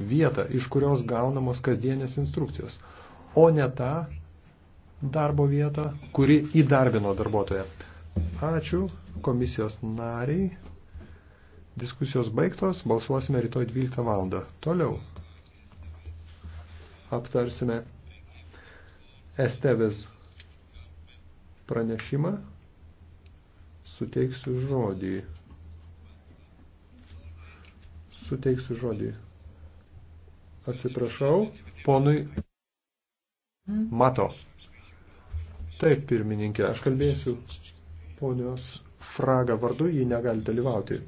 vietą, iš kurios gaunamos kasdienės instrukcijos, o ne tą darbo vietą, kuri įdarbino darbuotoją. Ačiū komisijos nariai. Diskusijos baigtos, balsuosime rytoj 12 valandą. Toliau aptarsime Estevės pranešimą. Suteiksiu žodį. Suteiksiu žodį. Atsiprašau, ponui Mato. Taip, pirmininkė, aš kalbėsiu ponios Fraga vardu, ji negali dalyvauti.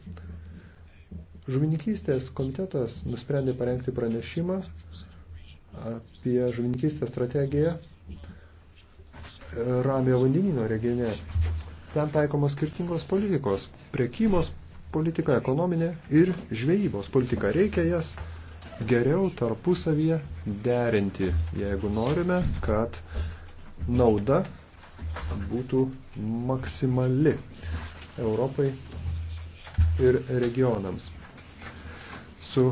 Žuvininkystės komitetas nusprendė parengti pranešimą apie žuvininkystės strategiją Ramio vandenino regione. Ten taikomos skirtingos politikos, priekybos politika, ekonominė ir žvejybos politika. Reikia jas geriau tarpusavyje derinti, jeigu norime, kad nauda būtų maksimali Europai ir regionams. Su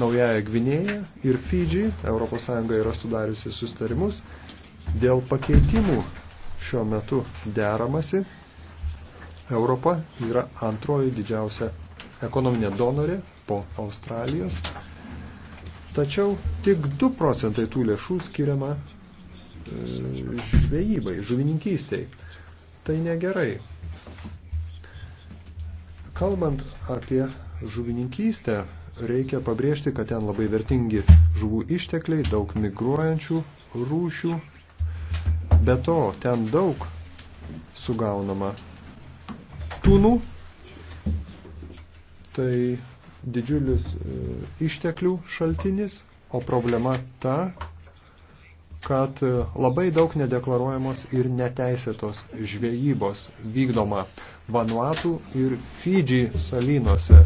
Naujaja Gvinėja ir Fidži ES yra sudariusi sustarimus dėl pakeitimų šiuo metu deramasi. Europa yra antroji didžiausia ekonominė donorė po Australijos Tačiau tik 2 procentai tų lėšų skiriama e, žvejybai, žuvininkystiai. Tai negerai. Kalbant apie žuvininkystę, reikia pabrėžti, kad ten labai vertingi žuvų ištekliai, daug migruojančių rūšių. Be to, ten daug sugaunama tunų. Tai didžiulis e, išteklių šaltinis, o problema ta, kad e, labai daug nedeklaruojamos ir neteisėtos žvejybos vykdoma Vanuatu ir Fidži salynuose.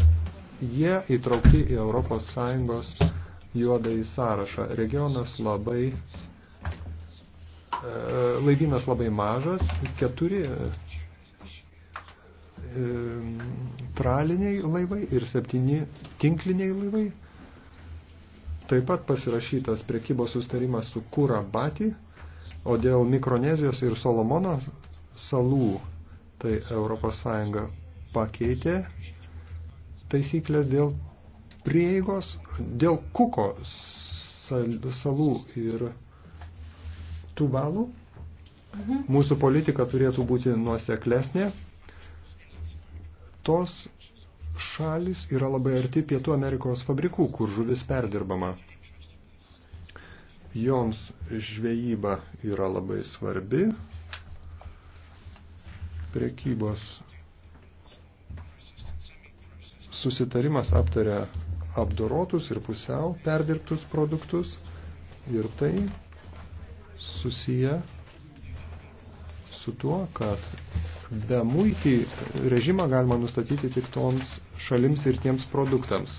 Jie įtraukti į ES juodąjį sąrašą. Regionas labai, e, laivynas labai mažas, keturi E, traliniai laivai ir septyni tinkliniai laivai. Taip pat pasirašytas prekybos sustarimas su Kūra Bati, o dėl Mikronezijos ir Solomono salų tai ES pakeitė taisyklės dėl prieigos, dėl Kuko salų ir Tuvalų. Mhm. Mūsų politika turėtų būti nuoseklesnė, tos šalis yra labai arti Pietų Amerikos fabrikų, kur žuvis perdirbama. Joms žvejyba yra labai svarbi. Prekybos susitarimas aptaria apdorotus ir pusiau perdirbtus produktus ir tai susiję su tuo, kad be muitį režimą galima nustatyti tik toms šalims ir tiems produktams.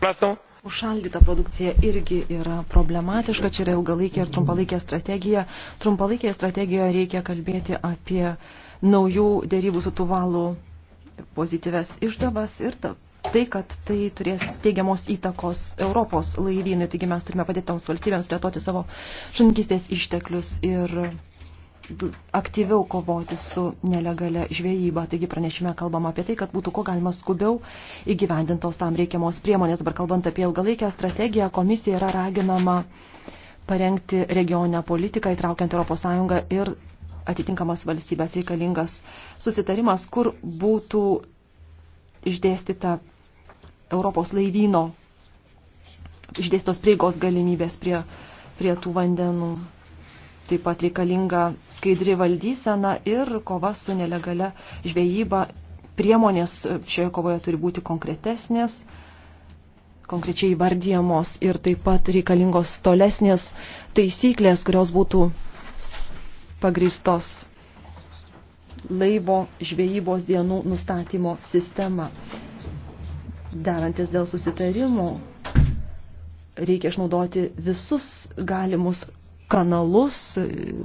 Užšaldyta produkcija irgi yra problematiška, čia yra ilgalaikė ir trumpalaikė strategija. Trumpalaikėje strategijoje reikia kalbėti apie naujų dėrybų su tuvalu pozityves išdavas ir ta, tai, kad tai turės teigiamos įtakos Europos laivynui. Taigi mes turime padėti toms valstybėms plėtoti savo šunkistės išteklius ir aktyviau kovoti su nelegalia žvejyba. Taigi pranešime kalbama apie tai, kad būtų kuo galima skubiau įgyvendintos tam reikiamos priemonės. Dabar kalbant apie ilgalaikę strategiją, komisija yra raginama parengti regioninę politiką, įtraukiant ES ir atitinkamas valstybės reikalingas susitarimas, kur būtų išdėstyta Europos laivyno, išdėstos prieigos galimybės prie, prie tų vandenų taip pat reikalinga skaidri valdysena ir kova su nelegale žvejyba. Priemonės šioje kovoje turi būti konkretesnės, konkrečiai įvardyjamos ir taip pat reikalingos tolesnės taisyklės, kurios būtų pagristos laivo žvejybos dienų nustatymo sistema. Darantis dėl susitarimų, reikia išnaudoti visus galimus kanalus,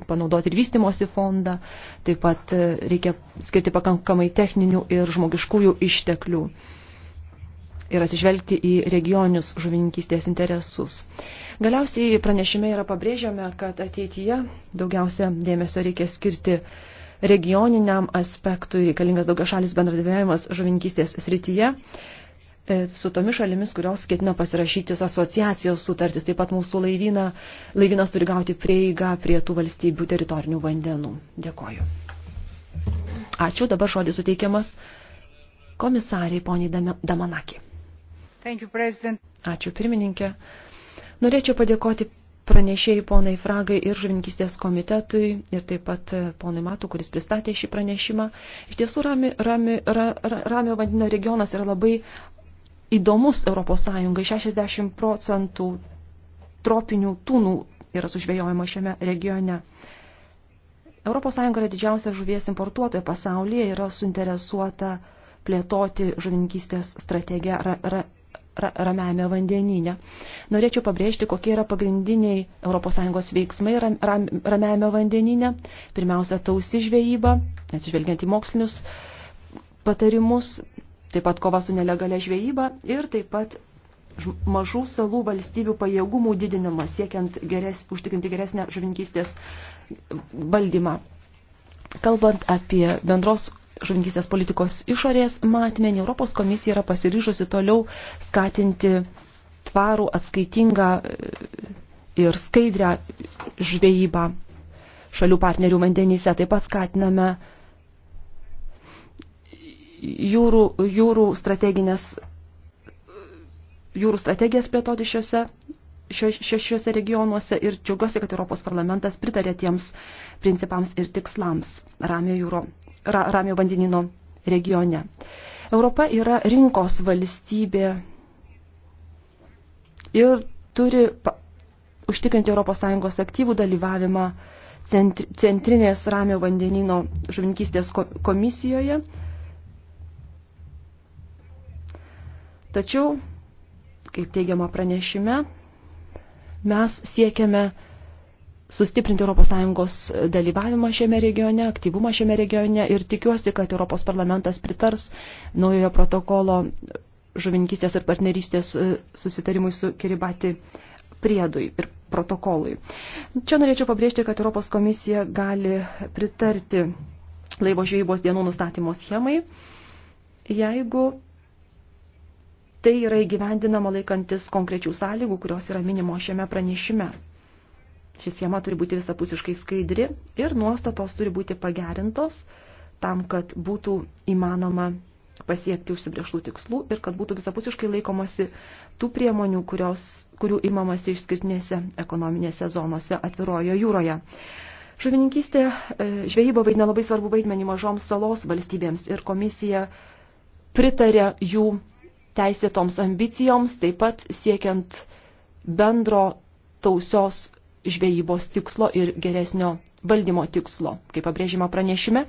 panaudoti ir vystimosi fondą, taip pat e, reikia skirti pakankamai techninių ir žmogiškųjų išteklių ir atsižvelgti į regioninius žuvininkystės interesus. Galiausiai pranešime yra pabrėžiame, kad ateityje daugiausia dėmesio reikia skirti regioniniam aspektui, reikalingas daugiašalis bendradarbiavimas žuvininkystės srityje. E, su tomis šalimis, kurios ketina pasirašytis asociacijos sutartis. Taip pat mūsų laivyna, laivynas turi gauti prieigą prie tų valstybių teritorinių vandenų. Dėkoju. Ačiū, dabar žodis suteikiamas komisariai poniai Damanaki. You, Ačiū, pirmininkė. Norėčiau padėkoti pranešėjai ponai Fragai ir žuvininkystės komitetui ir taip pat e, ponui Matu, kuris pristatė šį pranešimą. Iš tiesų, rami, rami, ra, ra, Ramio vandenio regionas yra labai įdomus ES. 60 procentų tropinių tūnų yra sužvejojama šiame regione. ES yra didžiausia žuvies importuotoja pasaulyje, yra suinteresuota plėtoti žuvininkystės strategiją ra, ra, ra, ramiame vandenyne. Norėčiau pabrėžti, kokie yra pagrindiniai ES veiksmai ram, ram, ramiame vandenyne. Pirmiausia, tausi žvejyba, atsižvelgiant į mokslinius patarimus, taip pat kova su nelegalia žvejyba ir taip pat mažų salų valstybių pajėgumų didinimas, siekiant geres, užtikrinti geresnę žuvinkystės valdymą. Kalbant apie bendros žuvinkystės politikos išorės matmenį, Europos komisija yra pasiryžusi toliau skatinti tvarų, atskaitingą e, ir skaidrę žvejybą šalių partnerių vandenyse. Taip pat skatiname uh, jūrų, jūrų, jūrų strategijas plėtoti šiuose šešiuose regionuose ir džiaugiuosi, kad Europos parlamentas pritarė tiems principams ir tikslams Ramio, jūro, ra, Ramio vandenino regione. Europa yra rinkos valstybė ir turi pa, užtikrinti ES aktyvų dalyvavimą centri, centrinės Ramio vandenino žuvinkystės komisijoje Tačiau, kaip teigiama pranešime, mes siekiame sustiprinti ES dalyvavimą šiame regione, aktyvumą šiame regione ir tikiuosi, kad Europos parlamentas pritars naujojo protokolo žuvininkystės ir partnerystės e, susitarimui su Kiribati priedui ir protokolui. Čia norėčiau pabrėžti, kad Europos komisija gali pritarti laivo žvejybos dienų nustatymo schemai, jeigu tai yra įgyvendinama laikantis konkrečių sąlygų, kurios yra minimo šiame pranešime. Šis schema turi būti visapusiškai skaidri ir nuostatos turi būti pagerintos tam, kad būtų įmanoma pasiekti užsibrieštų tikslų ir kad būtų visapusiškai laikomasi tų priemonių, kurios, kurių imamasi išskirtinėse ekonominėse zonose atvirojo jūroje. Žuvininkystė, e, žvejyba vaidina labai svarbu vaidmenį mažoms salos valstybėms ir komisija pritarė jų teisėtoms ambicijoms, taip pat siekiant bendro tausios žvejybos tikslo ir geresnio valdymo tikslo, kaip pabrėžima pranešime.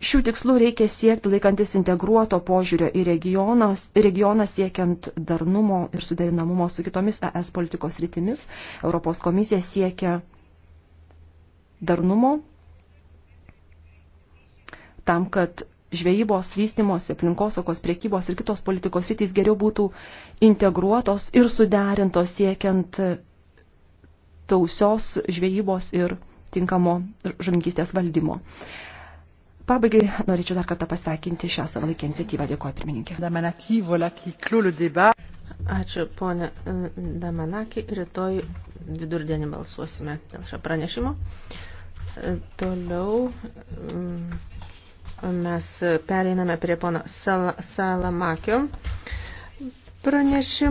Šių tikslų reikia siekti laikantis integruoto požiūrio į regionas, regioną siekiant darnumo ir suderinamumo su kitomis ES politikos rytimis. Europos komisija siekia darnumo tam, kad žvejybos, vystimosi, aplinkosaugos, priekybos ir kitos politikos rytys geriau būtų integruotos ir suderintos siekiant tausios žvejybos ir tinkamo žuvininkystės valdymo. Pabaigai norėčiau dar kartą pasveikinti šią savalaikę iniciatyvą. Dėkuoju, pirmininkė. Ačiū, ponė e, Damanaki. Rytoj vidurdienį balsuosime dėl šio pranešimo. E, toliau. Mes pereiname prie pono Salamakio pranešimo.